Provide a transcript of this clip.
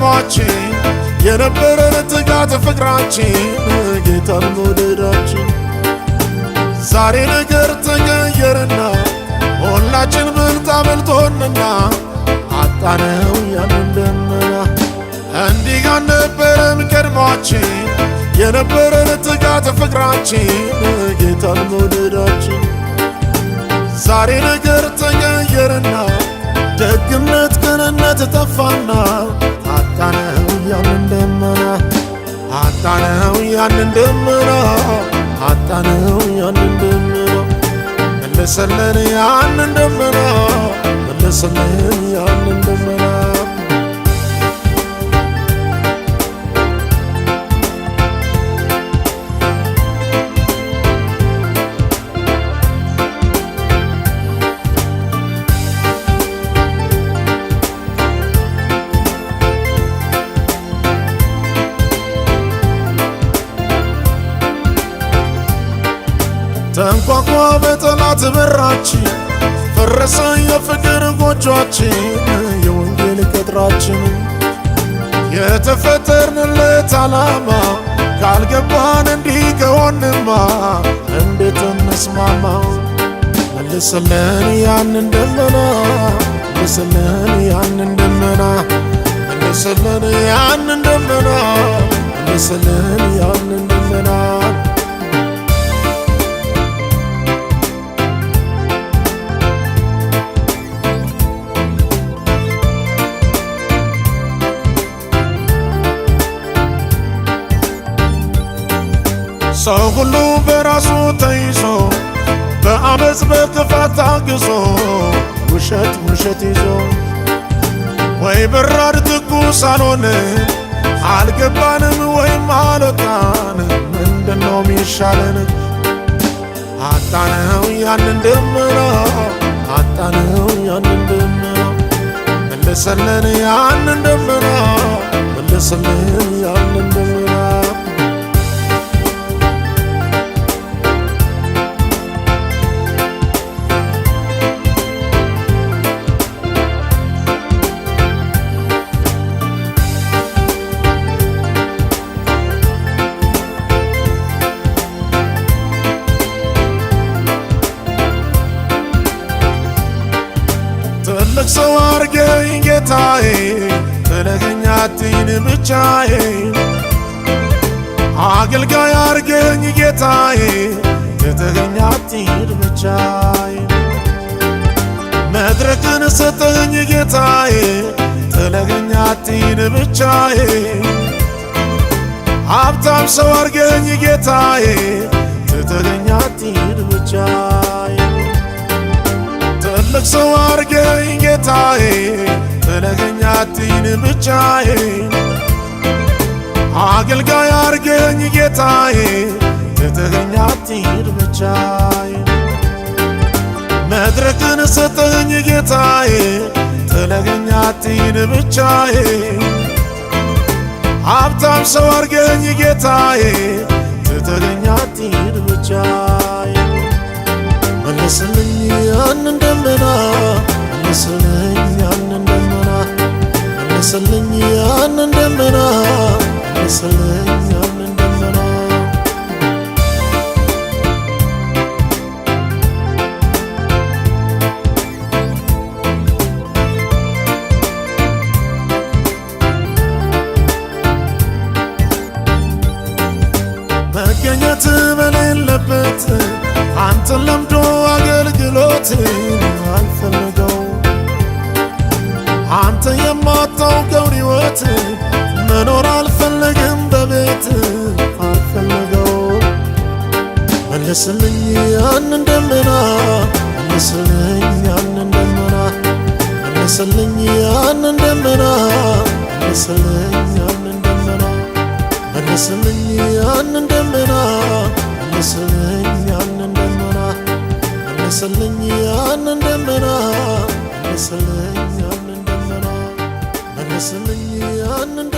አላማችን የነበረን ትጋት ፍቅራችን ጌታን መውደዳችን ዛሬ ነገር ተቀየረና ሁላችን ብልጣ በልቶንና አጣነው ያንን ደመና እንዲህ ጋር ነበረን ቀድማችን የነበረን ትጋት ፍቅራችን ጌታን መውደዳችን ዛሬ ነገር ተቀየረና ደግነት ቅንነት ጠፋና አጣነው ያንን ደመና አጣነው ያንን ደመና አጣነው ያንን ደመና መለሰለን ያንን ደመና መለሰልን ተንቋቋ በጠላት በራችን ፈረሰ የፍቅር ጎጆችን የወንጌል ቅጥራችን የተፈጠርንለት ዓላማ ካልገባን እንዲህ ከሆንማ እንዴት እንስማማ? መልስልን ያንን ደመና መልስልን ያንን ደመና መልስልን ያንን ደመና መልስልን ያንን ሰው ሁሉ በራሱ ተይዞ በአመፅ በክፋት ታግሶ ውሸት ውሸት ይዞ ወይ በራድ ትኩስ አልሆነ አልገባንም ወይም አልወጣን ምንድነው ሚሻለን? አጣነው ያንን ደመና አጣነው ያንን ደመና መልሰልን ያንን ደመና መልሰልን ያንን ጌታዬ ተለኸኝ አትይን ብቻዬ አገልጋይ አርገኝ ጌታዬ ትተኸኝ አትሂድ ብቻዬ መድረክን ሰጠኸኝ ጌታዬ ተለኸኝ አትሂድ ብቻዬ ሀብታም ሰው አርገኝ ጌታዬ ትተኸኝ አትሂድ ብቻዬ ትልቅ ሰው አርገኝ ጌታዬ ፈለገኛ አትይን ብቻዬ አገልጋይ አርገኝ ጌታዬ ትተኸኝ አትሂድ ብቻዬ መድረክን ሰጠኝ ጌታዬ ተለኸኝ አትሂድ ሀብታም ሰው አርገኝ ጌታዬ ትተኸኝ አትሂድ መልስልኝ ያንን ደመና መልስልኝ መልስልኝ ያንን ደመና መልስልኝ ያንን ደመና መገኘት በሌለበት አንተን ለምዶ አገልግሎት በዛው ገውን ሕይወት መኖር አልፈለግም በቤት አልፈለገው መለስልኝ ያንን ደመና መለስልኝ ያንን ደመና መለስልኝ ያንን ደመና መለስልኝ ያንን ደመና መለስልኝ ያንን ደመና መለስልኝ ያንን ደመና መለስልኝ መለስልኝ ስለኛን